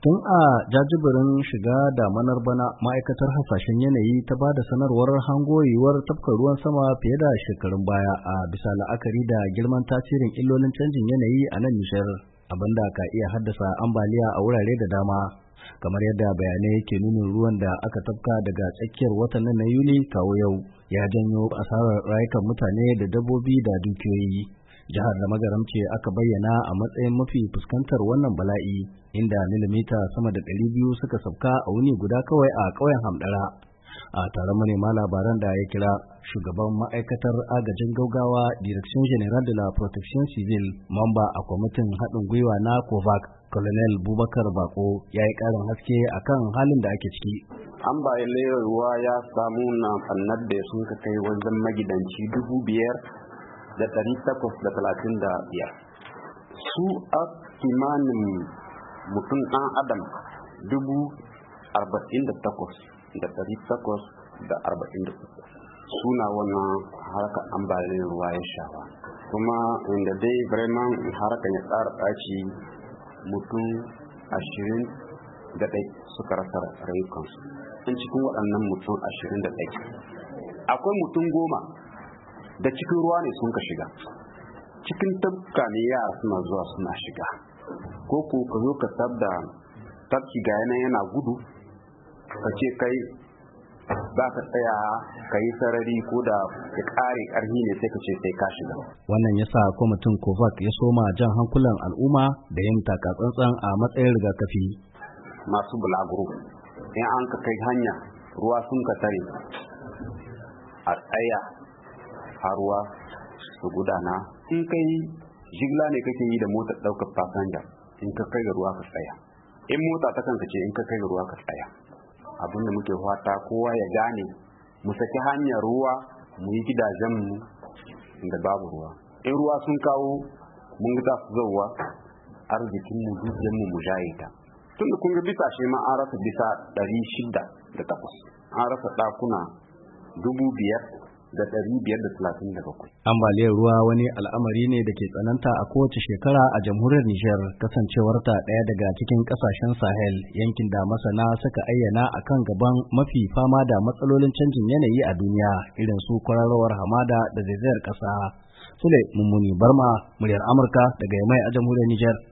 Tun a jajibirin shiga damanar bana ma'aikatar hasashen yanayi ta ba da sanarwar hangoyiwar tafka ruwan sama fiye da shekarun baya a bisa la'akari da girman tasirin illolin canjin yanayi a nan nishar abinda ka iya haddasa ambaliya a wurare da dama kamar yadda bayanai ke nunin ruwan da aka tafka daga tsakiyar watan na yuli kawo yau ya janyo asarar rayukan mutane da dabbobi da dukiyoyi jihar da magaram aka bayyana a matsayin mafi fuskantar wannan bala'i inda milimita sama da ɗari biyu suka sauka a wuni guda kawai a ƙauyen hamdara a taron manema labaran da ya kira shugaban ma'aikatar agajin gaugawa direction general de la protection civil mamba a kwamitin haɗin gwiwa na covac colonel bubakar bako ya yi ƙarin haske akan halin da ake ciki an bayan ruwa ya samu na fannar da sun kai wajen magidanci dubu biyar da ɗari takwas da talatin da biyar su a kimanin mutum an adam dubu arba'in da takwas da ɗari takwas da arba'in da uku suna wannan harkar ambaliyar ruwa ya shawa kuma inda dai bremen harkar ya tsara ɗaci mutum ashirin da ɗai suka rasa rayukansu in cikin waɗannan mutum ashirin da ɗai akwai mutum goma da cikin ruwa ne sun ka shiga cikin tabka ne yara suna zuwa suna shiga ko ko ka zo ka tabda tabki ga yana yana gudu ka ce kai za ka tsaya ka yi sarari ko da ka ƙare karfi ne sai ka ce sai ka shiga. Wannan ya sa kwamitin Kovac ya soma jan hankulan al'umma da yin takatsantsan a matsayin rigakafi. Masu bulaguro, in an ka kai hanya ruwa sun ka tare a tsaya haruwa su gudana in kai jigila ne kake yi da motar daukar fasanja in ka kai ga ruwa ka tsaya in mota ta kanka ce in ka kai ga ruwa ka tsaya abin muke fata kowa ya gane mu saki hanyar ruwa mu yi gidajen mu da babu ruwa in ruwa sun kawo mun ga su zauwa arzikin mu dukiyar mu mujahida tun da kun ga bisa shi ma an rasa bisa ɗari shida da takwas an rasa ɗakuna dubu biyar da ɗari biyar da talatin da bakwai. Ambaliyar ruwa wani al'amari ne da ke tsananta a kowace shekara a jamhuriyar Nijar kasancewarta ɗaya daga cikin ƙasashen Sahel yankin da masana suka ayyana a kan gaban mafi fama da matsalolin canjin yanayi a duniya irin su kwararowar hamada da zaizayar ƙasa. Sule Mummuni Barma, muryar Amurka daga Yamai a jamhuriyar Nijar.